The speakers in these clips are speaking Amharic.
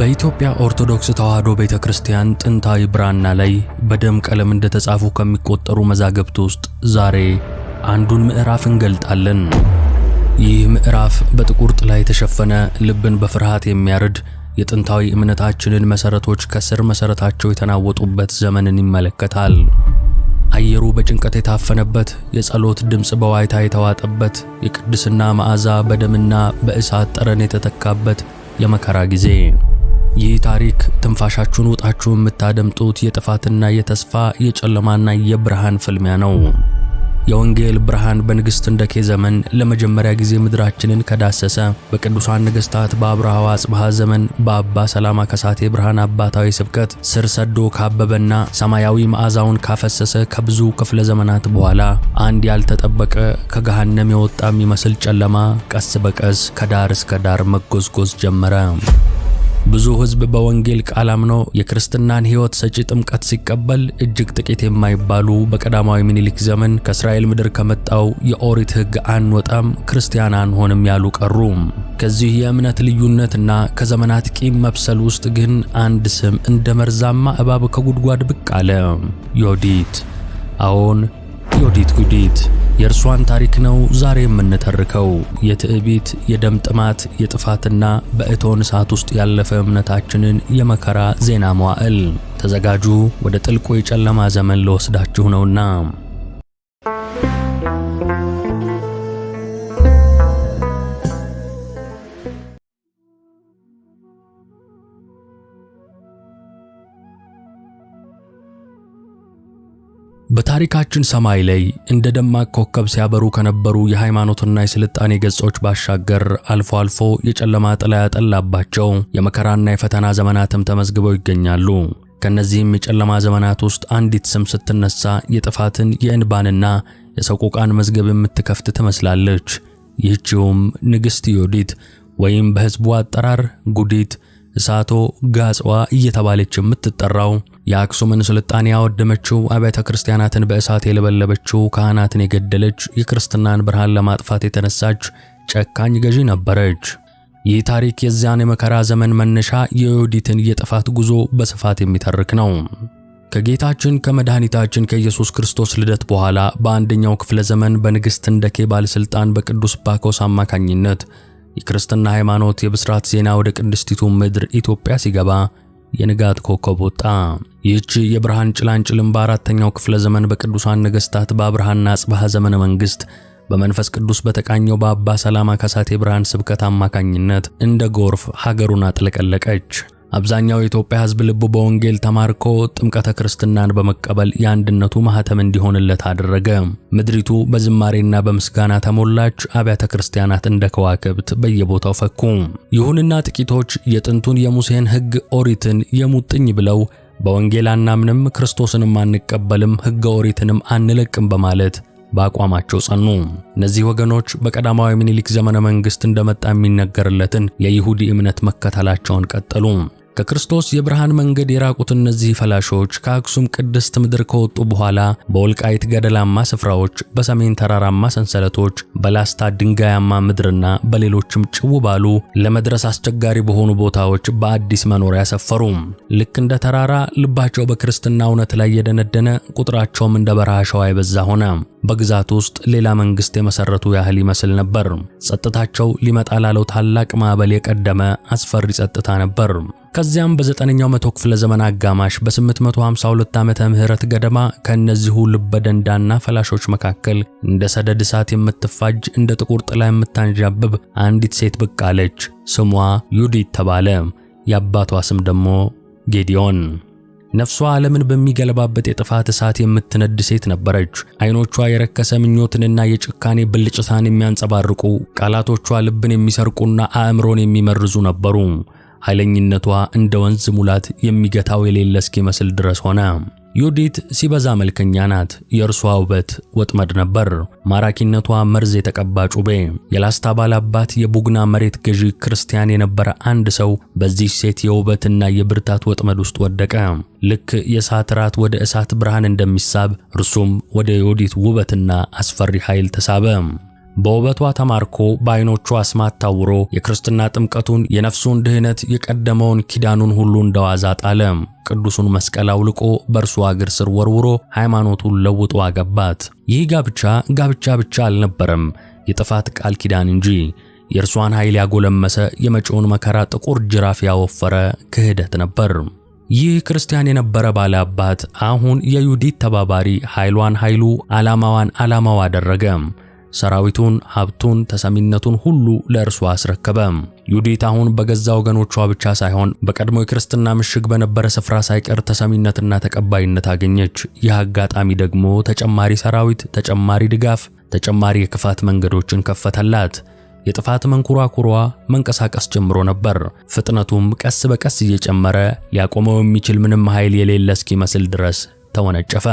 በኢትዮጵያ ኦርቶዶክስ ተዋሕዶ ቤተ ክርስቲያን ጥንታዊ ብራና ላይ በደም ቀለም እንደተጻፉ ከሚቆጠሩ መዛግብት ውስጥ ዛሬ አንዱን ምዕራፍ እንገልጣለን። ይህ ምዕራፍ በጥቁር ጥላ የተሸፈነ ልብን በፍርሃት የሚያርድ የጥንታዊ እምነታችንን መሠረቶች ከስር መሠረታቸው የተናወጡበት ዘመንን ይመለከታል። አየሩ በጭንቀት የታፈነበት፣ የጸሎት ድምፅ በዋይታ የተዋጠበት፣ የቅድስና መዓዛ በደምና በእሳት ጠረን የተተካበት የመከራ ጊዜ ይህ ታሪክ ትንፋሻችሁን ውጣችሁ የምታደምጡት የጥፋትና የተስፋ የጨለማና የብርሃን ፍልሚያ ነው። የወንጌል ብርሃን በንግሥት ህንደኬ ዘመን ለመጀመሪያ ጊዜ ምድራችንን ከዳሰሰ፣ በቅዱሳን ነገሥታት በአብርሃ አጽብሃ ዘመን በአባ ሰላማ ከሳቴ ብርሃን አባታዊ ስብከት ስር ሰዶ ካበበና ሰማያዊ መዓዛውን ካፈሰሰ ከብዙ ክፍለ ዘመናት በኋላ አንድ ያልተጠበቀ ከገሃነም የወጣ የሚመስል ጨለማ ቀስ በቀስ ከዳር እስከ ዳር መጎዝጎዝ ጀመረ። ብዙ ሕዝብ በወንጌል ቃል አምኖ የክርስትናን ሕይወት ሰጪ ጥምቀት ሲቀበል እጅግ ጥቂት የማይባሉ በቀዳማዊ ምኒልክ ዘመን ከእስራኤል ምድር ከመጣው የኦሪት ሕግ አንወጣም፣ ክርስቲያን አንሆንም ያሉ ቀሩ። ከዚህ የእምነት ልዩነትና ከዘመናት ቂም መብሰል ውስጥ ግን አንድ ስም እንደ መርዛማ እባብ ከጉድጓድ ብቅ አለ። ዮዲት። አዎን ዮዲት ጉዲት የእርሷን ታሪክ ነው ዛሬ የምንተርከው። የትዕቢት፣ የደም ጥማት፣ የጥፋትና በእቶን እሳት ውስጥ ያለፈ እምነታችንን የመከራ ዜና መዋዕል። ተዘጋጁ፣ ወደ ጥልቁ የጨለማ ዘመን ልወስዳችሁ ነውና። በታሪካችን ሰማይ ላይ እንደ ደማቅ ኮከብ ሲያበሩ ከነበሩ የሃይማኖትና የስልጣኔ ገጾች ባሻገር አልፎ አልፎ የጨለማ ጥላ ያጠላባቸው የመከራና የፈተና ዘመናትም ተመዝግበው ይገኛሉ። ከነዚህም የጨለማ ዘመናት ውስጥ አንዲት ስም ስትነሳ የጥፋትን የእንባንና የሰቆቃን መዝገብ የምትከፍት ትመስላለች። ይህችውም ንግሥት ዮዲት ወይም በሕዝቡ አጠራር ጉዲት እሳቶ ጋጽዋ እየተባለች የምትጠራው የአክሱምን ስልጣኔ ያወደመችው፣ አብያተ ክርስቲያናትን በእሳት የለበለበችው፣ ካህናትን የገደለች፣ የክርስትናን ብርሃን ለማጥፋት የተነሳች ጨካኝ ገዢ ነበረች። ይህ ታሪክ የዚያን የመከራ ዘመን መነሻ የዮዲትን የጥፋት ጉዞ በስፋት የሚተርክ ነው። ከጌታችን ከመድኃኒታችን ከኢየሱስ ክርስቶስ ልደት በኋላ በአንደኛው ክፍለ ዘመን በንግሥት እንደኬ ባለሥልጣን በቅዱስ ባኮስ አማካኝነት የክርስትና ሃይማኖት የብስራት ዜና ወደ ቅድስቲቱ ምድር ኢትዮጵያ ሲገባ የንጋት ኮከብ ወጣ። ይህች የብርሃን ጭላንጭልም በአራተኛው ክፍለ ዘመን በቅዱሳን ነገሥታት በአብርሃና አጽብሃ ዘመነ መንግሥት በመንፈስ ቅዱስ በተቃኘው በአባ ሰላማ ካሳቴ ብርሃን ስብከት አማካኝነት እንደ ጎርፍ ሀገሩን አጥለቀለቀች። አብዛኛው የኢትዮጵያ ሕዝብ ልቡ በወንጌል ተማርኮ ጥምቀተ ክርስትናን በመቀበል የአንድነቱ ማህተም እንዲሆንለት አደረገ። ምድሪቱ በዝማሬና በምስጋና ተሞላች። አብያተ ክርስቲያናት እንደ ከዋክብት በየቦታው ፈኩ። ይሁንና ጥቂቶች የጥንቱን የሙሴን ሕግ ኦሪትን የሙጥኝ ብለው በወንጌል አናምንም፣ ክርስቶስንም አንቀበልም፣ ሕገ ኦሪትንም አንለቅም በማለት በአቋማቸው ጸኑ። እነዚህ ወገኖች በቀዳማዊ ምኒልክ ዘመነ መንግስት እንደመጣ የሚነገርለትን የይሁዲ እምነት መከተላቸውን ቀጠሉ። ከክርስቶስ የብርሃን መንገድ የራቁት እነዚህ ፈላሾች ከአክሱም ቅድስት ምድር ከወጡ በኋላ በወልቃይት ገደላማ ስፍራዎች፣ በሰሜን ተራራማ ሰንሰለቶች፣ በላስታ ድንጋያማ ምድርና በሌሎችም ጭው ባሉ ለመድረስ አስቸጋሪ በሆኑ ቦታዎች በአዲስ መኖሪያ ሰፈሩ። ልክ እንደ ተራራ ልባቸው በክርስትና እውነት ላይ የደነደነ፣ ቁጥራቸውም እንደ በረሃ አሸዋ የበዛ ሆነ። በግዛት ውስጥ ሌላ መንግሥት የመሠረቱ ያህል ይመስል ነበር። ጸጥታቸው ሊመጣ ላለው ታላቅ ማዕበል የቀደመ አስፈሪ ጸጥታ ነበር። ከዚያም በዘጠነኛው መቶ ክፍለ ዘመን አጋማሽ በ852 ዓመተ ምህረት ገደማ ከእነዚሁ ልበደንዳና ፈላሾች መካከል እንደ ሰደድ እሳት የምትፋጅ እንደ ጥቁር ጥላ የምታንዣብብ አንዲት ሴት ብቅ አለች። ስሟ ዩዲት ተባለ። የአባቷ ስም ደግሞ ጌዲዮን። ነፍሷ ዓለምን በሚገለባበት የጥፋት እሳት የምትነድ ሴት ነበረች። አይኖቿ የረከሰ ምኞትንና የጭካኔ ብልጭታን የሚያንጸባርቁ፣ ቃላቶቿ ልብን የሚሰርቁና አእምሮን የሚመርዙ ነበሩ። ኃይለኝነቷ እንደ ወንዝ ሙላት የሚገታው የሌለ እስኪመስል ድረስ ሆነ። ዩዲት ሲበዛ መልከኛ ናት። የእርሷ ውበት ወጥመድ ነበር። ማራኪነቷ መርዝ የተቀባ ጩቤ። የላስታ ባላባት የቡግና መሬት ገዢ ክርስቲያን የነበረ አንድ ሰው በዚህ ሴት የውበትና የብርታት ወጥመድ ውስጥ ወደቀ። ልክ የእሳት ራት ወደ እሳት ብርሃን እንደሚሳብ እርሱም ወደ ዩዲት ውበትና አስፈሪ ኃይል ተሳበ። በውበቷ ተማርኮ በዓይኖቿ አስማት ታውሮ የክርስትና ጥምቀቱን የነፍሱን ድህነት የቀደመውን ኪዳኑን ሁሉ እንደዋዛ ጣለ። ቅዱሱን መስቀል አውልቆ በእርሷ እግር ስር ወርውሮ ሃይማኖቱን ለውጦ አገባት። ይህ ጋብቻ ጋብቻ ብቻ አልነበረም፣ የጥፋት ቃል ኪዳን እንጂ። የእርሷን ኃይል ያጎለመሰ፣ የመጪውን መከራ ጥቁር ጅራፍ ያወፈረ ክህደት ነበር። ይህ ክርስቲያን የነበረ ባለ አባት አሁን የዩዲት ተባባሪ ኃይሏን ኃይሉ ዓላማዋን ዓላማው አደረገ። ሰራዊቱን፣ ሀብቱን፣ ተሰሚነቱን ሁሉ ለእርሱ አስረከበ። ዩዲት አሁን በገዛ ወገኖቿ ብቻ ሳይሆን በቀድሞ የክርስትና ምሽግ በነበረ ስፍራ ሳይቀር ተሰሚነትና ተቀባይነት አገኘች። ይህ አጋጣሚ ደግሞ ተጨማሪ ሰራዊት፣ ተጨማሪ ድጋፍ፣ ተጨማሪ የክፋት መንገዶችን ከፈተላት። የጥፋት መንኮራኩሯ መንቀሳቀስ ጀምሮ ነበር። ፍጥነቱም ቀስ በቀስ እየጨመረ ሊያቆመው የሚችል ምንም ኃይል የሌለ እስኪመስል ድረስ ተወነጨፈ።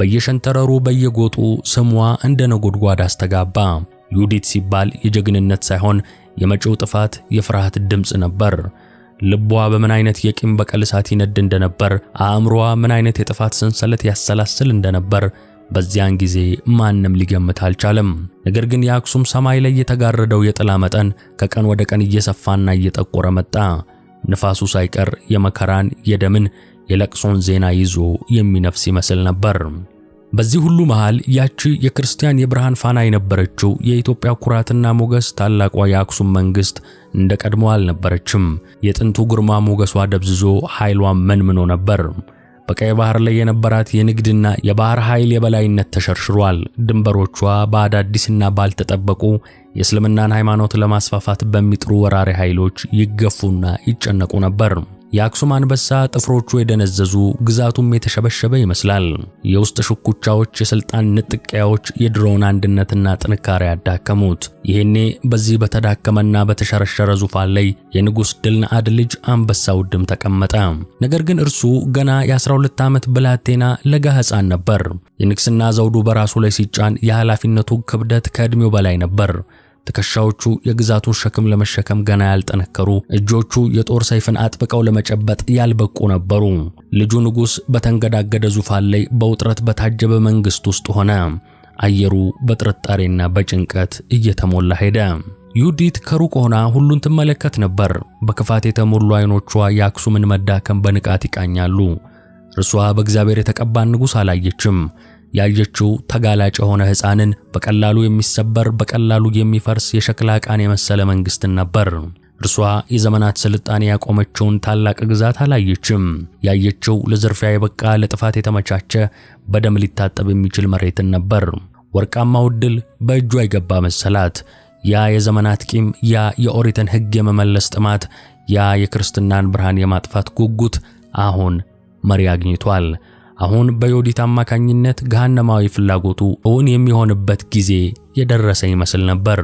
በየሸንተረሩ በየጎጡ ስሟ እንደ ነጎድጓድ አስተጋባ። ዩዲት ሲባል የጀግንነት ሳይሆን የመጪው ጥፋት የፍርሃት ድምፅ ነበር። ልቧ በምን አይነት የቂም በቀል እሳት ይነድ እንደነበር፣ አእምሮዋ ምን አይነት የጥፋት ሰንሰለት ያሰላስል እንደነበር በዚያን ጊዜ ማንም ሊገምት አልቻለም። ነገር ግን የአክሱም ሰማይ ላይ የተጋረደው የጥላ መጠን ከቀን ወደ ቀን እየሰፋና እየጠቆረ መጣ። ንፋሱ ሳይቀር የመከራን፣ የደምን፣ የለቅሶን ዜና ይዞ የሚነፍስ ይመስል ነበር። በዚህ ሁሉ መሃል ያቺ የክርስቲያን የብርሃን ፋና የነበረችው የኢትዮጵያ ኩራትና ሞገስ ታላቋ የአክሱም መንግስት እንደ ቀድሞ አልነበረችም። የጥንቱ ግርማ ሞገሷ ደብዝዞ ኃይሏ መንምኖ ነበር። በቀይ ባህር ላይ የነበራት የንግድና የባህር ኃይል የበላይነት ተሸርሽሯል። ድንበሮቿ በአዳዲስና ባልተጠበቁ የእስልምናን ሃይማኖት ለማስፋፋት በሚጥሩ ወራሪ ኃይሎች ይገፉና ይጨነቁ ነበር። የአክሱም አንበሳ ጥፍሮቹ የደነዘዙ ግዛቱም የተሸበሸበ ይመስላል። የውስጥ ሽኩቻዎች፣ የስልጣን ንጥቂያዎች የድሮውን አንድነትና ጥንካሬ ያዳከሙት። ይህኔ በዚህ በተዳከመና በተሸረሸረ ዙፋን ላይ የንጉሥ ድልነአድ ልጅ አንበሳ ውድም ተቀመጠ። ነገር ግን እርሱ ገና የ12 ዓመት ብላቴና ለጋ ሕፃን ነበር። የንግሥና ዘውዱ በራሱ ላይ ሲጫን የኃላፊነቱ ክብደት ከዕድሜው በላይ ነበር። ትከሻዎቹ የግዛቱን ሸክም ለመሸከም ገና ያልጠነከሩ፣ እጆቹ የጦር ሰይፍን አጥብቀው ለመጨበጥ ያልበቁ ነበሩ። ልጁ ንጉሥ በተንገዳገደ ዙፋን ላይ በውጥረት በታጀበ መንግሥት ውስጥ ሆነ። አየሩ በጥርጣሬና በጭንቀት እየተሞላ ሄደ። ዩዲት ከሩቅ ሆና ሁሉን ትመለከት ነበር። በክፋት የተሞሉ አይኖቿ የአክሱምን መዳከም በንቃት ይቃኛሉ። እርሷ በእግዚአብሔር የተቀባን ንጉሥ አላየችም። ያየችው ተጋላጭ የሆነ ሕፃንን በቀላሉ የሚሰበር በቀላሉ የሚፈርስ የሸክላ ዕቃን የመሰለ መንግሥትን ነበር። እርሷ የዘመናት ስልጣኔ ያቆመችውን ታላቅ ግዛት አላየችም። ያየችው ለዝርፊያ የበቃ ለጥፋት የተመቻቸ በደም ሊታጠብ የሚችል መሬትን ነበር። ወርቃማው ዕድል በእጇ የገባ መሰላት። ያ የዘመናት ቂም፣ ያ የኦሪትን ሕግ የመመለስ ጥማት፣ ያ የክርስትናን ብርሃን የማጥፋት ጉጉት አሁን መሪ አግኝቷል። አሁን በዮዲት አማካኝነት ገሃነማዊ ፍላጎቱ እውን የሚሆንበት ጊዜ የደረሰ ይመስል ነበር።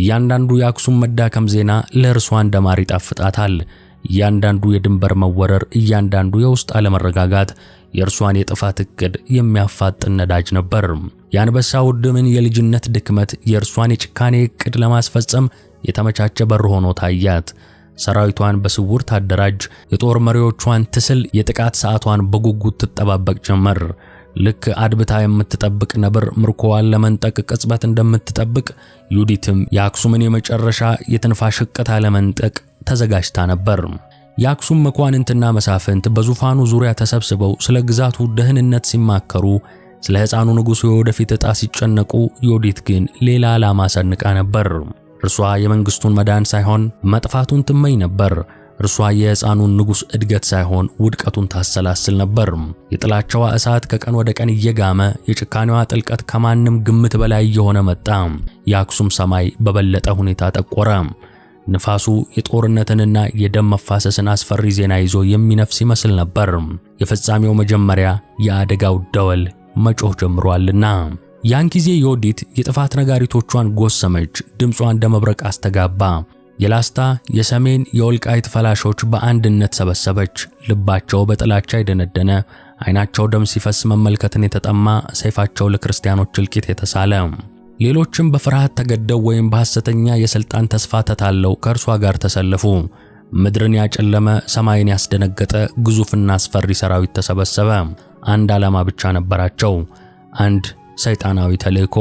እያንዳንዱ የአክሱም መዳከም ዜና ለእርሷ እንደ ማር ይጣፍጣታል። እያንዳንዱ የድንበር መወረር፣ እያንዳንዱ የውስጥ አለመረጋጋት የእርሷን የጥፋት እቅድ የሚያፋጥን ነዳጅ ነበር። የአንበሳ ድምን የልጅነት ድክመት የእርሷን የጭካኔ እቅድ ለማስፈጸም የተመቻቸ በር ሆኖ ታያት። ሰራዊቷን በስውር ታደራጅ፣ የጦር መሪዎቿን ትስል፣ የጥቃት ሰዓቷን በጉጉት ትጠባበቅ ጀመር። ልክ አድብታ የምትጠብቅ ነብር ምርኮዋን ለመንጠቅ ቅጽበት እንደምትጠብቅ ዩዲትም የአክሱምን የመጨረሻ የትንፋሽ እቅታ ለመንጠቅ ተዘጋጅታ ነበር። የአክሱም መኳንንትና መሳፍንት በዙፋኑ ዙሪያ ተሰብስበው ስለ ግዛቱ ደህንነት ሲማከሩ፣ ስለ ሕፃኑ ንጉሥ የወደፊት ዕጣ ሲጨነቁ፣ ዮዲት ግን ሌላ ዓላማ ሰንቃ ነበር። እርሷ የመንግስቱን መዳን ሳይሆን መጥፋቱን ትመኝ ነበር። እርሷ የሕፃኑን ንጉሥ እድገት ሳይሆን ውድቀቱን ታሰላስል ነበር። የጥላቸዋ እሳት ከቀን ወደ ቀን እየጋመ የጭካኔዋ ጥልቀት ከማንም ግምት በላይ እየሆነ መጣ። የአክሱም ሰማይ በበለጠ ሁኔታ ጠቆረ። ንፋሱ የጦርነትንና የደም መፋሰስን አስፈሪ ዜና ይዞ የሚነፍስ ይመስል ነበር። የፍጻሜው መጀመሪያ፣ የአደጋው ደወል መጮህ ጀምሯልና። ያን ጊዜ ዮዲት የጥፋት ነጋሪቶቿን ጎሰመች፣ ድምጿን እንደ መብረቅ አስተጋባ። የላስታ የሰሜን የወልቃይት ፈላሾች በአንድነት ሰበሰበች። ልባቸው በጥላቻ የደነደነ፣ አይናቸው ደም ሲፈስ መመልከትን የተጠማ፣ ሰይፋቸው ለክርስቲያኖች እልቂት የተሳለ። ሌሎችም በፍርሃት ተገደው ወይም በሐሰተኛ የሥልጣን ተስፋ ተታለው ከእርሷ ጋር ተሰለፉ። ምድርን ያጨለመ፣ ሰማይን ያስደነገጠ ግዙፍና አስፈሪ ሰራዊት ተሰበሰበ። አንድ ዓላማ ብቻ ነበራቸው፣ አንድ ሰይጣናዊ ተልእኮ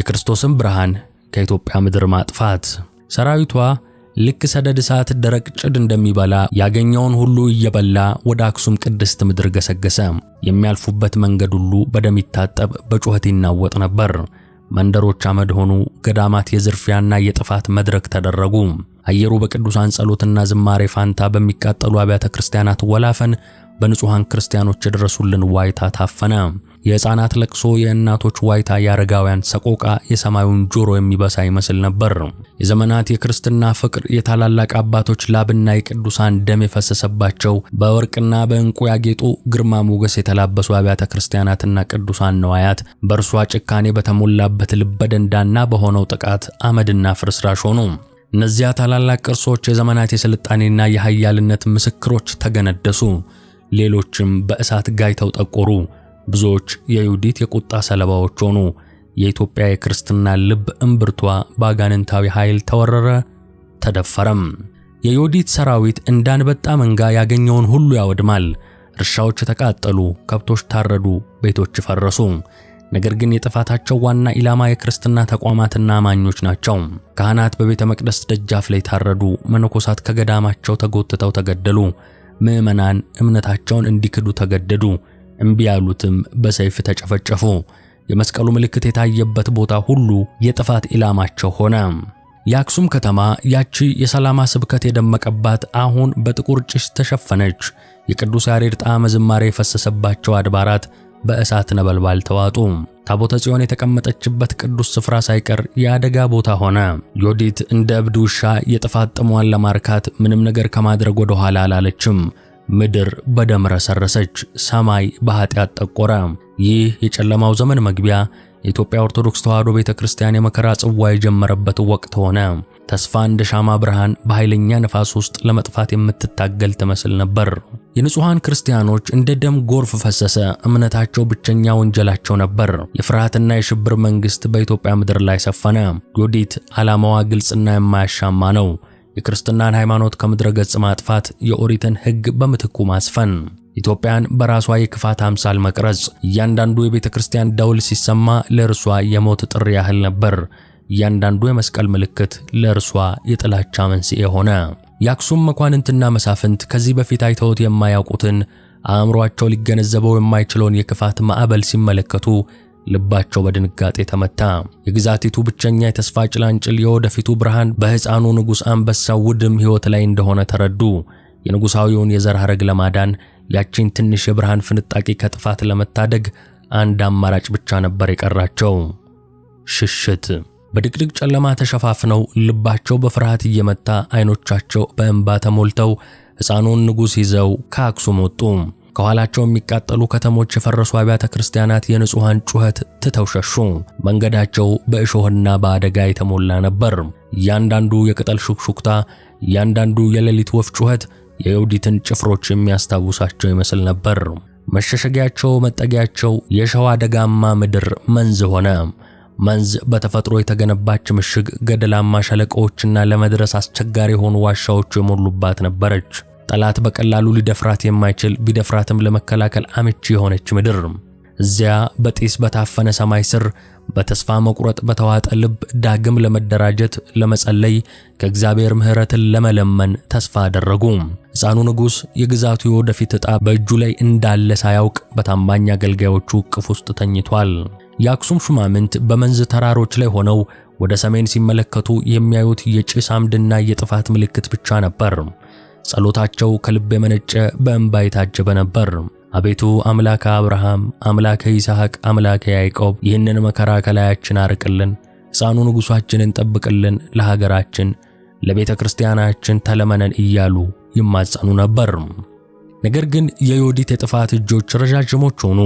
የክርስቶስን ብርሃን ከኢትዮጵያ ምድር ማጥፋት። ሰራዊቷ ልክ ሰደድ እሳት ደረቅ ጭድ እንደሚበላ ያገኘውን ሁሉ እየበላ ወደ አክሱም ቅድስት ምድር ገሰገሰ። የሚያልፉበት መንገድ ሁሉ በደም ይታጠብ፣ በጩኸት ይናወጥ ነበር። መንደሮች አመድ ሆኑ። ገዳማት የዝርፊያና የጥፋት መድረክ ተደረጉ። አየሩ በቅዱሳን ጸሎትና ዝማሬ ፋንታ በሚቃጠሉ አብያተ ክርስቲያናት ወላፈን፣ በንጹሐን ክርስቲያኖች የደረሱልን ዋይታ ታፈነ። የሕፃናት ለቅሶ፣ የእናቶች ዋይታ፣ የአረጋውያን ሰቆቃ የሰማዩን ጆሮ የሚበሳ ይመስል ነበር። የዘመናት የክርስትና ፍቅር፣ የታላላቅ አባቶች ላብና የቅዱሳን ደም የፈሰሰባቸው በወርቅና በእንቁ ያጌጡ ግርማ ሞገስ የተላበሱ አብያተ ክርስቲያናትና ቅዱሳን ነዋያት በእርሷ ጭካኔ በተሞላበት ልበደንዳና በሆነው ጥቃት አመድና ፍርስራሽ ሆኑ። እነዚያ ታላላቅ ቅርሶች የዘመናት የስልጣኔና የኃያልነት ምስክሮች ተገነደሱ። ሌሎችም በእሳት ጋይተው ጠቆሩ። ብዙዎች የዩዲት የቁጣ ሰለባዎች ሆኑ። የኢትዮጵያ የክርስትና ልብ እምብርቷ በአጋንንታዊ ኃይል ተወረረ፣ ተደፈረም። የይሁዲት ሰራዊት እንዳንበጣ መንጋ ያገኘውን ሁሉ ያወድማል። እርሻዎች ተቃጠሉ፣ ከብቶች ታረዱ፣ ቤቶች ፈረሱ። ነገር ግን የጥፋታቸው ዋና ኢላማ የክርስትና ተቋማትና አማኞች ናቸው። ካህናት በቤተ መቅደስ ደጃፍ ላይ ታረዱ፣ መነኮሳት ከገዳማቸው ተጎትተው ተገደሉ፣ ምዕመናን እምነታቸውን እንዲክዱ ተገደዱ። እምቢ ያሉትም በሰይፍ ተጨፈጨፉ። የመስቀሉ ምልክት የታየበት ቦታ ሁሉ የጥፋት ኢላማቸው ሆነ። የአክሱም ከተማ ያቺ የሰላማ ስብከት የደመቀባት አሁን በጥቁር ጭስ ተሸፈነች። የቅዱስ ያሬድ ጣዕመ ዝማሬ የፈሰሰባቸው አድባራት በእሳት ነበልባል ተዋጡ። ታቦተ ጽዮን የተቀመጠችበት ቅዱስ ስፍራ ሳይቀር የአደጋ ቦታ ሆነ። ዮዲት እንደ እብድ ውሻ የጥፋት ጥሟን ለማርካት ምንም ነገር ከማድረግ ወደ ኋላ አላለችም። ምድር በደም ረሰረሰች፣ ሰማይ በኃጢአት ጠቆረ። ይህ የጨለማው ዘመን መግቢያ የኢትዮጵያ ኦርቶዶክስ ተዋሕዶ ቤተ ክርስቲያን የመከራ ጽዋ የጀመረበት ወቅት ሆነ። ተስፋ እንደ ሻማ ብርሃን በኃይለኛ ነፋስ ውስጥ ለመጥፋት የምትታገል ትመስል ነበር። የንጹሐን ክርስቲያኖች እንደ ደም ጎርፍ ፈሰሰ። እምነታቸው ብቸኛ ወንጀላቸው ነበር። የፍርሃትና የሽብር መንግሥት በኢትዮጵያ ምድር ላይ ሰፈነ። ዮዲት ዓላማዋ ግልጽና የማያሻማ ነው። የክርስትናን ሃይማኖት ከምድረ ገጽ ማጥፋት፣ የኦሪትን ሕግ በምትኩ ማስፈን፣ ኢትዮጵያን በራሷ የክፋት አምሳል መቅረጽ። እያንዳንዱ የቤተ ክርስቲያን ደውል ሲሰማ ለእርሷ የሞት ጥሪ ያህል ነበር። እያንዳንዱ የመስቀል ምልክት ለእርሷ የጥላቻ መንስኤ ሆነ። የአክሱም መኳንንትና መሳፍንት ከዚህ በፊት አይተውት የማያውቁትን አእምሯቸው ሊገነዘበው የማይችለውን የክፋት ማዕበል ሲመለከቱ ልባቸው በድንጋጤ ተመታ። የግዛቲቱ ብቸኛ የተስፋ ጭላንጭል የወደፊቱ ብርሃን በሕፃኑ ንጉሥ አንበሳ ውድም ሕይወት ላይ እንደሆነ ተረዱ። የንጉሣዊውን የዘር ሐረግ ለማዳን ያቺን ትንሽ የብርሃን ፍንጣቂ ከጥፋት ለመታደግ አንድ አማራጭ ብቻ ነበር የቀራቸው፣ ሽሽት። በድቅድቅ ጨለማ ተሸፋፍነው ልባቸው በፍርሃት እየመታ አይኖቻቸው በእንባ ተሞልተው ሕፃኑን ንጉሥ ይዘው ከአክሱም ወጡ። ከኋላቸው የሚቃጠሉ ከተሞች፣ የፈረሱ አብያተ ክርስቲያናት የንጹሐን ጩኸት ትተው ሸሹ። መንገዳቸው በእሾህና በአደጋ የተሞላ ነበር። እያንዳንዱ የቅጠል ሹክሹክታ፣ እያንዳንዱ የሌሊት ወፍ ጩኸት የይሁዲትን ጭፍሮች የሚያስታውሳቸው ይመስል ነበር። መሸሸጊያቸው፣ መጠጊያቸው የሸዋ አደጋማ ምድር መንዝ ሆነ። መንዝ በተፈጥሮ የተገነባች ምሽግ፣ ገደላማ ሸለቆዎችና ለመድረስ አስቸጋሪ የሆኑ ዋሻዎች የሞሉባት ነበረች። ጠላት በቀላሉ ሊደፍራት የማይችል ቢደፍራትም ለመከላከል አመቺ የሆነች ምድር። እዚያ በጢስ በታፈነ ሰማይ ስር በተስፋ መቁረጥ በተዋጠ ልብ ዳግም ለመደራጀት፣ ለመጸለይ፣ ከእግዚአብሔር ምሕረትን ለመለመን ተስፋ አደረጉ። ሕፃኑ ንጉሥ የግዛቱ የወደፊት ዕጣ በእጁ ላይ እንዳለ ሳያውቅ በታማኝ አገልጋዮቹ እቅፍ ውስጥ ተኝቷል። የአክሱም ሹማምንት በመንዝ ተራሮች ላይ ሆነው ወደ ሰሜን ሲመለከቱ የሚያዩት የጭስ አምድና የጥፋት ምልክት ብቻ ነበር። ጸሎታቸው ከልብ የመነጨ በእንባ የታጀበ ነበር። አቤቱ አምላከ አብርሃም፣ አምላከ ይስሐቅ፣ አምላከ ያዕቆብ ይህንን መከራ ከላያችን አርቅልን፣ ሕፃኑ ንጉሣችንን ጠብቅልን፣ ለሀገራችን ለቤተ ክርስቲያናችን ተለመነን እያሉ ይማጸኑ ነበር። ነገር ግን የዮዲት የጥፋት እጆች ረዣዥሞች ሆኑ።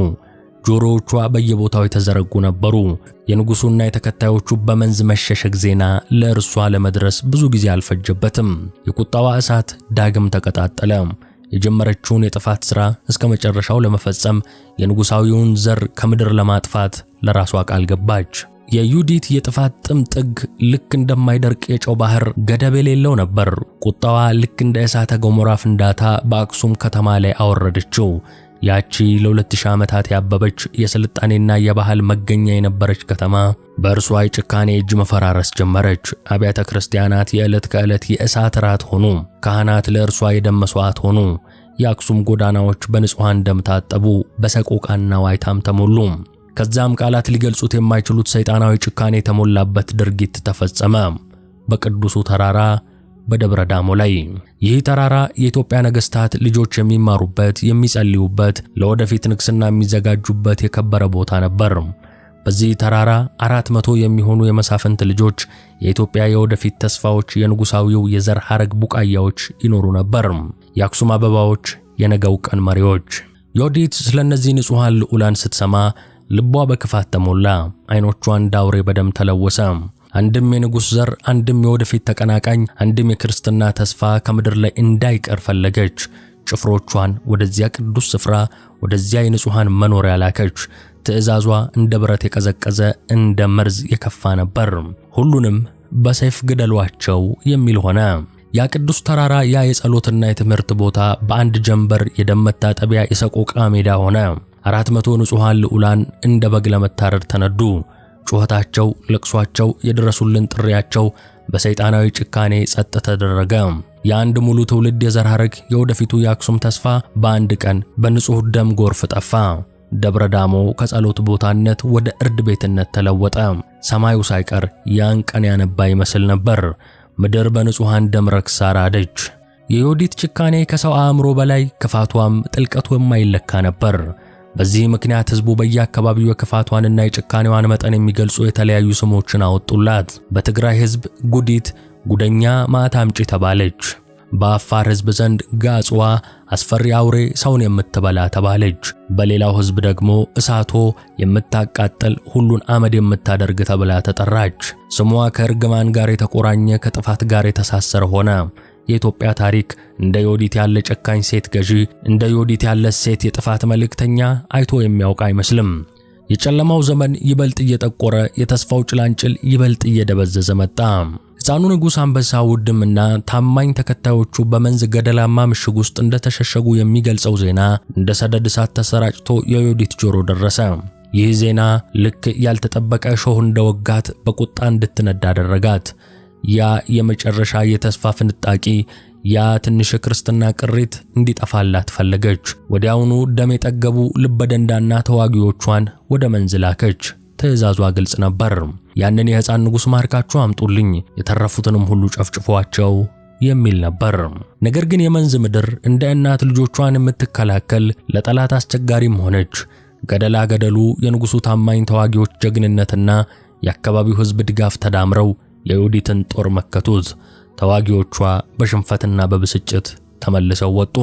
ጆሮዎቿ በየቦታው የተዘረጉ ነበሩ። የንጉሱና የተከታዮቹ በመንዝ መሸሸግ ዜና ለእርሷ ለመድረስ ብዙ ጊዜ አልፈጀበትም። የቁጣዋ እሳት ዳግም ተቀጣጠለ። የጀመረችውን የጥፋት ሥራ እስከ መጨረሻው ለመፈጸም የንጉሳዊውን ዘር ከምድር ለማጥፋት ለራሷ ቃል ገባች። የዩዲት የጥፋት ጥምጥግ ልክ እንደማይደርቅ የጨው ባህር ገደብ የሌለው ነበር። ቁጣዋ ልክ እንደ እሳተ ገሞራ ፍንዳታ በአክሱም ከተማ ላይ አወረደችው። ያቺ ለ2000 ዓመታት ያበበች የስልጣኔና የባህል መገኛ የነበረች ከተማ በእርሷ የጭካኔ እጅ መፈራረስ ጀመረች። አብያተ ክርስቲያናት የዕለት ከዕለት የእሳት ራት ሆኑ። ካህናት ለእርሷ የደም መሥዋዕት ሆኑ። የአክሱም ጎዳናዎች በንጹሐን ደም ታጠቡ፣ በሰቆቃና ዋይታም ተሞሉ። ከዛም ቃላት ሊገልጹት የማይችሉት ሰይጣናዊ ጭካኔ የተሞላበት ድርጊት ተፈጸመ። በቅዱሱ ተራራ በደብረ ዳሞ ላይ። ይህ ተራራ የኢትዮጵያ ነገሥታት ልጆች የሚማሩበት፣ የሚጸልዩበት፣ ለወደፊት ንግሥና የሚዘጋጁበት የከበረ ቦታ ነበር። በዚህ ተራራ አራት መቶ የሚሆኑ የመሳፍንት ልጆች የኢትዮጵያ የወደፊት ተስፋዎች፣ የንጉሣዊው የዘር ሐረግ ቡቃያዎች ይኖሩ ነበር። የአክሱም አበባዎች፣ የነገው ቀን መሪዎች። ዮዲት ስለ እነዚህ ንጹሐን ልዑላን ስትሰማ ልቧ በክፋት ተሞላ፣ ዐይኖቿ እንደ አውሬ በደም ተለወሰ። አንድም የንጉሥ ዘር፣ አንድም የወደፊት ተቀናቃኝ፣ አንድም የክርስትና ተስፋ ከምድር ላይ እንዳይቀር ፈለገች። ጭፍሮቿን ወደዚያ ቅዱስ ስፍራ፣ ወደዚያ የንጹሐን መኖሪያ ላከች። ትእዛዟ እንደ ብረት የቀዘቀዘ እንደ መርዝ የከፋ ነበር። ሁሉንም በሰይፍ ግደሏቸው የሚል ሆነ። ያ ቅዱስ ተራራ፣ ያ የጸሎትና የትምህርት ቦታ በአንድ ጀንበር የደም መታጠቢያ የሰቆቃ ሜዳ ሆነ። አራት መቶ ንጹሐን ልዑላን እንደ በግ ለመታረድ ተነዱ። ጩኸታቸው፣ ልቅሷቸው፣ የድረሱልን ጥሪያቸው በሰይጣናዊ ጭካኔ ጸጥ ተደረገ። የአንድ ሙሉ ትውልድ የዘር ሐረግ የወደፊቱ የአክሱም ተስፋ በአንድ ቀን በንጹሕ ደም ጎርፍ ጠፋ። ደብረ ዳሞ ከጸሎት ቦታነት ወደ እርድ ቤትነት ተለወጠ። ሰማዩ ሳይቀር ያን ቀን ያነባ ይመስል ነበር። ምድር በንጹሐን ደም ረክሳ ራደች። የዮዲት ጭካኔ ከሰው አእምሮ በላይ ክፋቷም ጥልቀቱ የማይለካ ነበር። በዚህ ምክንያት ህዝቡ በየአካባቢው የክፋቷንና የጭካኔዋን መጠን የሚገልጹ የተለያዩ ስሞችን አወጡላት። በትግራይ ህዝብ ጉዲት፣ ጉደኛ፣ ማታ አምጪ ተባለች። በአፋር ህዝብ ዘንድ ጋጽዋ፣ አስፈሪ አውሬ፣ ሰውን የምትበላ ተባለች። በሌላው ህዝብ ደግሞ እሳቶ፣ የምታቃጥል ሁሉን አመድ የምታደርግ ተብላ ተጠራች። ስሟ ከእርግማን ጋር የተቆራኘ ከጥፋት ጋር የተሳሰረ ሆነ። የኢትዮጵያ ታሪክ እንደ ዮዲት ያለ ጨካኝ ሴት ገዢ፣ እንደ ዮዲት ያለ ሴት የጥፋት መልእክተኛ አይቶ የሚያውቅ አይመስልም። የጨለማው ዘመን ይበልጥ እየጠቆረ የተስፋው ጭላንጭል ይበልጥ እየደበዘዘ መጣ። ሕፃኑ ንጉሥ አንበሳ ውድምና ታማኝ ተከታዮቹ በመንዝ ገደላማ ምሽግ ውስጥ እንደተሸሸጉ የሚገልጸው ዜና እንደ ሰደድ እሳት ተሰራጭቶ የዮዲት ጆሮ ደረሰ። ይህ ዜና ልክ ያልተጠበቀ እሾህ እንደወጋት በቁጣ እንድትነዳ አደረጋት። ያ የመጨረሻ የተስፋ ፍንጣቂ ያ ትንሽ ክርስትና ቅሪት እንዲጠፋላት ፈለገች። ወዲያውኑ ደም የጠገቡ ልበደንዳና ተዋጊዎቿን ወደ መንዝ ላከች። ትዕዛዟ ግልጽ ነበር። ያንን የሕፃን ንጉሥ ማርካችሁ አምጡልኝ፣ የተረፉትንም ሁሉ ጨፍጭፏቸው የሚል ነበር። ነገር ግን የመንዝ ምድር እንደ እናት ልጆቿን የምትከላከል ለጠላት አስቸጋሪም ሆነች። ገደላ ገደሉ የንጉሡ ታማኝ ተዋጊዎች ጀግንነትና የአካባቢው ሕዝብ ድጋፍ ተዳምረው የዮዲትን ጦር መከቱት። ተዋጊዎቿ በሽንፈትና በብስጭት ተመልሰው ወጡ።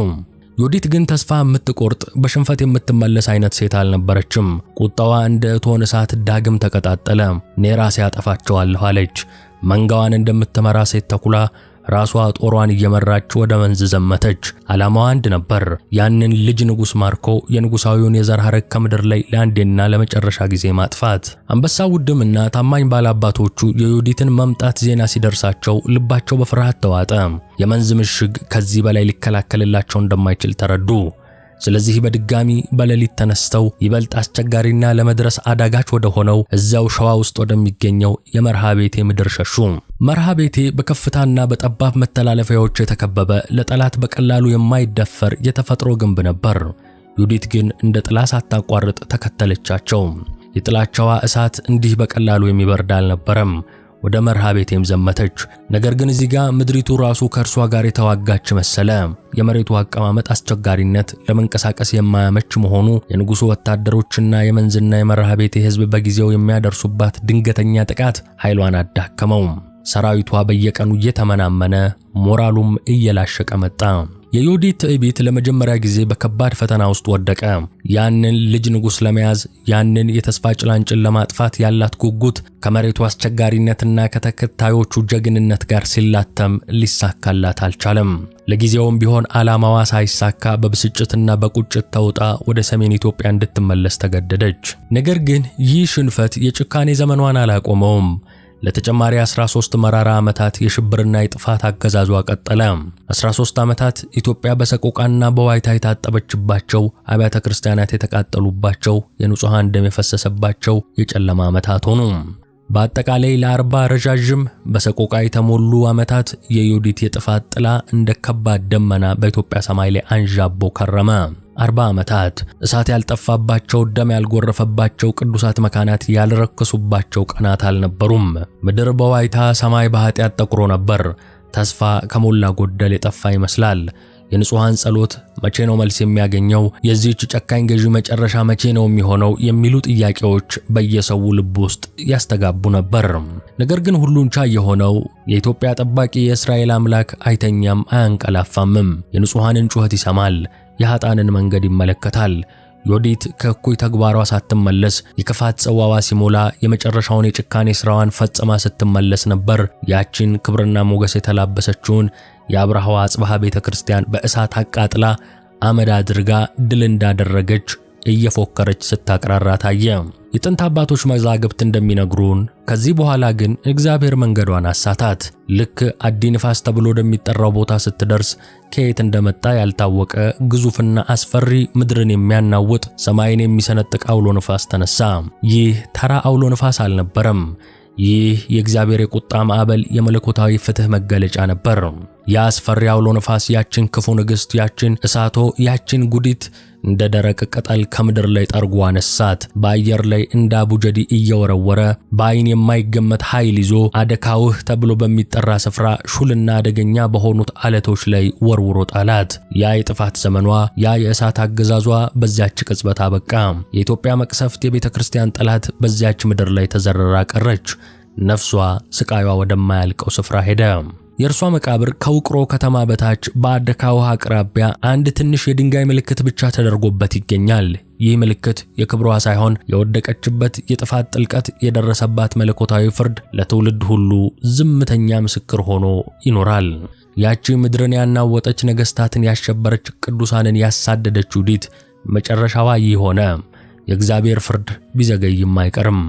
ዩዲት ግን ተስፋ የምትቆርጥ በሽንፈት የምትመለስ አይነት ሴት አልነበረችም። ቁጣዋ እንደ እቶን እሳት ዳግም ተቀጣጠለ። እኔ ራሴ አጠፋቸዋለሁ አለች። መንጋዋን እንደምትመራ ሴት ተኩላ ራሷ ጦሯን እየመራች ወደ መንዝ ዘመተች። ዓላማዋ አንድ ነበር፤ ያንን ልጅ ንጉሥ ማርኮ የንጉሣዊውን የዘር ሐረግ ከምድር ላይ ለአንዴና ለመጨረሻ ጊዜ ማጥፋት። አንበሳው ውድምና ታማኝ ባላባቶቹ የዩዲትን መምጣት ዜና ሲደርሳቸው ልባቸው በፍርሃት ተዋጠ። የመንዝ ምሽግ ከዚህ በላይ ሊከላከልላቸው እንደማይችል ተረዱ። ስለዚህ በድጋሚ በሌሊት ተነስተው ይበልጥ አስቸጋሪና ለመድረስ አዳጋች ወደ ሆነው እዚያው ሸዋ ውስጥ ወደሚገኘው የመርሃ ቤቴ ምድር ሸሹ። መርሃ ቤቴ በከፍታና በጠባብ መተላለፊያዎች የተከበበ ለጠላት በቀላሉ የማይደፈር የተፈጥሮ ግንብ ነበር። ዩዲት ግን እንደ ጥላ ሳታቋርጥ ተከተለቻቸው። የጥላቸዋ እሳት እንዲህ በቀላሉ የሚበርድ አልነበረም። ወደ መርሃ ቤቴም ዘመተች። ነገር ግን እዚህ ጋር ምድሪቱ ራሱ ከእርሷ ጋር የተዋጋች መሰለ። የመሬቱ አቀማመጥ አስቸጋሪነት፣ ለመንቀሳቀስ የማያመች መሆኑ፣ የንጉሡ ወታደሮችና የመንዝና የመርሃ ቤቴ ሕዝብ በጊዜው የሚያደርሱባት ድንገተኛ ጥቃት ኃይሏን አዳከመው። ሰራዊቷ በየቀኑ እየተመናመነ ሞራሉም እየላሸቀ መጣ። የዮዲት ትዕቢት ለመጀመሪያ ጊዜ በከባድ ፈተና ውስጥ ወደቀ። ያንን ልጅ ንጉሥ ለመያዝ ያንን የተስፋ ጭላንጭል ለማጥፋት ያላት ጉጉት ከመሬቱ አስቸጋሪነትና ከተከታዮቹ ጀግንነት ጋር ሲላተም ሊሳካላት አልቻለም። ለጊዜውም ቢሆን ዓላማዋ ሳይሳካ በብስጭትና በቁጭት ተውጣ ወደ ሰሜን ኢትዮጵያ እንድትመለስ ተገደደች። ነገር ግን ይህ ሽንፈት የጭካኔ ዘመኗን አላቆመውም። ለተጨማሪ 13 መራራ ዓመታት የሽብርና የጥፋት አገዛዟ ቀጠለ። 13 ዓመታት ኢትዮጵያ በሰቆቃና በዋይታ የታጠበችባቸው፣ አብያተ ክርስቲያናት የተቃጠሉባቸው፣ የንጹሐን ደም የፈሰሰባቸው የጨለማ ዓመታት ሆኑ። በአጠቃላይ ለአርባ ረዣዥም በሰቆቃ የተሞሉ ዓመታት የዮዲት የጥፋት ጥላ እንደ ከባድ ደመና በኢትዮጵያ ሰማይ ላይ አንዣቦ ከረመ። አርባ ዓመታት እሳት ያልጠፋባቸው ደም ያልጎረፈባቸው ቅዱሳት መካናት ያልረከሱባቸው ቀናት አልነበሩም። ምድር በዋይታ ሰማይ በኃጢአት ጠቁሮ ነበር። ተስፋ ከሞላ ጎደል የጠፋ ይመስላል። የንጹሐን ጸሎት መቼ ነው መልስ የሚያገኘው? የዚህች ጨካኝ ገዢ መጨረሻ መቼ ነው የሚሆነው? የሚሉ ጥያቄዎች በየሰው ልብ ውስጥ ያስተጋቡ ነበር። ነገር ግን ሁሉን ቻይ የሆነው የኢትዮጵያ ጠባቂ የእስራኤል አምላክ አይተኛም፣ አያንቀላፋምም። የንጹሐንን ጩኸት ይሰማል። የኃጣንን መንገድ ይመለከታል። ዮዲት ከእኩይ ተግባሯ ሳትመለስ የክፋት ጽዋዋ ሲሞላ የመጨረሻውን የጭካኔ ሥራዋን ፈጽማ ስትመለስ ነበር ያቺን ክብርና ሞገስ የተላበሰችውን የአብርሃዋ አጽባሃ ቤተ ክርስቲያን በእሳት አቃጥላ አመድ አድርጋ ድል እንዳደረገች እየፎከረች ስታቅራራ ታየ። የጥንት አባቶች መዛግብት እንደሚነግሩን ከዚህ በኋላ ግን እግዚአብሔር መንገዷን አሳታት። ልክ አዲ ንፋስ ተብሎ ወደሚጠራው ቦታ ስትደርስ ከየት እንደመጣ ያልታወቀ ግዙፍና አስፈሪ ምድርን የሚያናውጥ ሰማይን የሚሰነጥቅ አውሎ ንፋስ ተነሳ። ይህ ተራ አውሎ ንፋስ አልነበረም። ይህ የእግዚአብሔር የቁጣ ማዕበል የመለኮታዊ ፍትህ መገለጫ ነበር። ያ አውሎ ንፋስ ያችን ክፉ ንግሥት፣ ያችን እሳቶ፣ ያችን ጉዲት እንደ ደረቅ ቅጠል ከምድር ላይ ጠርጎ አነሳት። በአየር ላይ እንደ አቡጀዲ እየወረወረ በአይን የማይገመት ኃይል ይዞ አደካውህ ተብሎ በሚጠራ ስፍራ ሹልና አደገኛ በሆኑት አለቶች ላይ ወርውሮ ጣላት። ያ የጥፋት ዘመኗ፣ ያ የእሳት አገዛዟ በዚያች ቅጽበት አበቃ። የኢትዮጵያ መቅሰፍት፣ የቤተ ክርስቲያን ጠላት በዚያች ምድር ላይ ተዘረራ ቀረች። ነፍሷ ስቃዩዋ ወደማያልቀው ስፍራ ሄደ። የእርሷ መቃብር ከውቅሮ ከተማ በታች በአደካ ውሃ አቅራቢያ አንድ ትንሽ የድንጋይ ምልክት ብቻ ተደርጎበት ይገኛል። ይህ ምልክት የክብሯ ሳይሆን የወደቀችበት የጥፋት ጥልቀት የደረሰባት መለኮታዊ ፍርድ ለትውልድ ሁሉ ዝምተኛ ምስክር ሆኖ ይኖራል። ያቺ ምድርን ያናወጠች፣ ነገሥታትን ያሸበረች፣ ቅዱሳንን ያሳደደች ዩዲት መጨረሻዋ ይህ ሆነ። የእግዚአብሔር ፍርድ ቢዘገይም አይቀርም።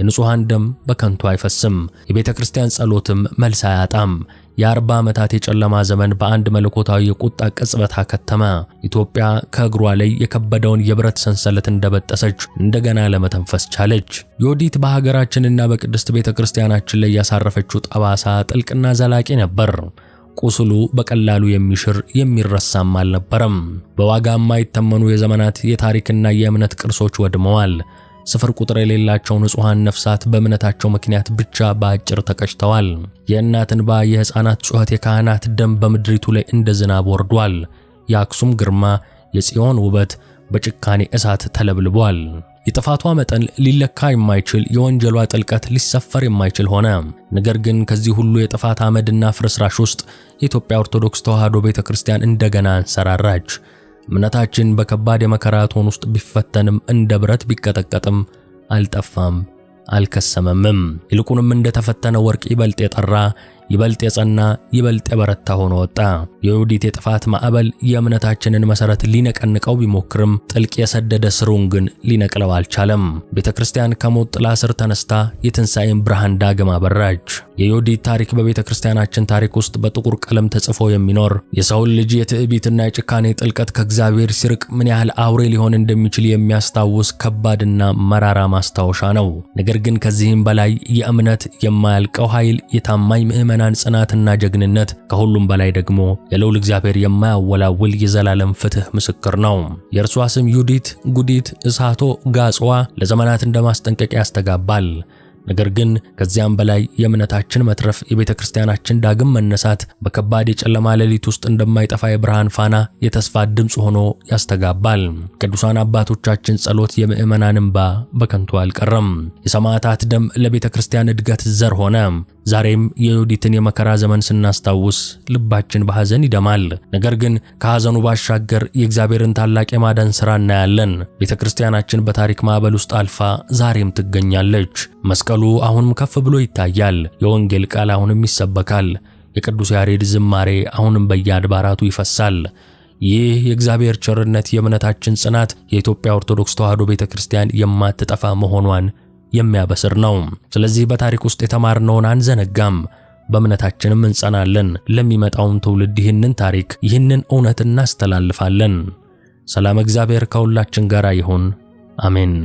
የንጹሐን ደም በከንቱ አይፈስም። የቤተ ክርስቲያን ጸሎትም መልስ አያጣም። የአርባ ዓመታት የጨለማ ዘመን በአንድ መለኮታዊ የቁጣ ቅጽበት አከተመ። ኢትዮጵያ ከእግሯ ላይ የከበደውን የብረት ሰንሰለት እንደበጠሰች እንደገና ለመተንፈስ ቻለች። ዮዲት በሀገራችንና በቅድስት ቤተ ክርስቲያናችን ላይ ያሳረፈችው ጠባሳ ጥልቅና ዘላቂ ነበር። ቁስሉ በቀላሉ የሚሽር የሚረሳም አልነበረም። በዋጋ የማይተመኑ የዘመናት የታሪክና የእምነት ቅርሶች ወድመዋል። ስፍር ቁጥር የሌላቸው ንጹሐን ነፍሳት በእምነታቸው ምክንያት ብቻ በአጭር ተቀጭተዋል። የእናት እንባ፣ የሕፃናት ጩኸት፣ የካህናት ደም በምድሪቱ ላይ እንደ ዝናብ ወርዷል። የአክሱም ግርማ፣ የጽዮን ውበት በጭካኔ እሳት ተለብልቧል። የጥፋቷ መጠን ሊለካ የማይችል የወንጀሏ ጥልቀት ሊሰፈር የማይችል ሆነ። ነገር ግን ከዚህ ሁሉ የጥፋት አመድና ፍርስራሽ ውስጥ የኢትዮጵያ ኦርቶዶክስ ተዋሕዶ ቤተ ክርስቲያን እንደገና አንሰራራች። እምነታችን በከባድ የመከራ እቶን ውስጥ ቢፈተንም እንደ ብረት ቢቀጠቀጥም አልጠፋም፣ አልከሰመምም። ይልቁንም እንደተፈተነ ወርቅ ይበልጥ የጠራ ይበልጥ የጸና ይበልጥ የበረታ ሆኖ ወጣ። የይሁዲት የጥፋት ማዕበል የእምነታችንን መሠረት ሊነቀንቀው ቢሞክርም ጥልቅ የሰደደ ስሩን ግን ሊነቅለው አልቻለም። ቤተ ክርስቲያን ከሞት ጥላ ስር ተነስታ የትንሣኤን ብርሃን ዳግም አበራች። የይሁዲት ታሪክ በቤተ ክርስቲያናችን ታሪክ ውስጥ በጥቁር ቀለም ተጽፎ የሚኖር የሰውን ልጅ የትዕቢትና የጭካኔ ጥልቀት ከእግዚአብሔር ሲርቅ ምን ያህል አውሬ ሊሆን እንደሚችል የሚያስታውስ ከባድና መራራ ማስታወሻ ነው። ነገር ግን ከዚህም በላይ የእምነት የማያልቀው ኃይል የታማኝ ምዕመና የምዕመናን ጽናትና ጀግንነት ከሁሉም በላይ ደግሞ የልዑል እግዚአብሔር የማያወላውል የዘላለም ፍትህ ምስክር ነው። የእርሷ ስም ዩዲት፣ ጉዲት፣ እሳቶ፣ ጋጽዋ ለዘመናት እንደ ማስጠንቀቂያ ያስተጋባል። ነገር ግን ከዚያም በላይ የእምነታችን መትረፍ፣ የቤተ ክርስቲያናችን ዳግም መነሳት በከባድ የጨለማ ሌሊት ውስጥ እንደማይጠፋ የብርሃን ፋና የተስፋ ድምፅ ሆኖ ያስተጋባል። ቅዱሳን አባቶቻችን ጸሎት፣ የምዕመናን እንባ በከንቱ አልቀረም። የሰማዕታት ደም ለቤተ ክርስቲያን እድገት ዘር ሆነ። ዛሬም የዮዲትን የመከራ ዘመን ስናስታውስ ልባችን በሐዘን ይደማል። ነገር ግን ከሐዘኑ ባሻገር የእግዚአብሔርን ታላቅ የማዳን ሥራ እናያለን። ቤተ ክርስቲያናችን በታሪክ ማዕበል ውስጥ አልፋ ዛሬም ትገኛለች። መስቀ መስቀሉ አሁንም ከፍ ብሎ ይታያል። የወንጌል ቃል አሁንም ይሰበካል። የቅዱስ ያሬድ ዝማሬ አሁንም በየአድባራቱ ይፈሳል። ይህ የእግዚአብሔር ቸርነት፣ የእምነታችን ጽናት፣ የኢትዮጵያ ኦርቶዶክስ ተዋሕዶ ቤተ ክርስቲያን የማትጠፋ መሆኗን የሚያበስር ነው። ስለዚህ በታሪክ ውስጥ የተማርነውን አንዘነጋም፣ በእምነታችንም እንጸናለን። ለሚመጣውም ትውልድ ይህንን ታሪክ ይህንን እውነት እናስተላልፋለን። ሰላም፣ እግዚአብሔር ከሁላችን ጋር ይሁን። አሜን።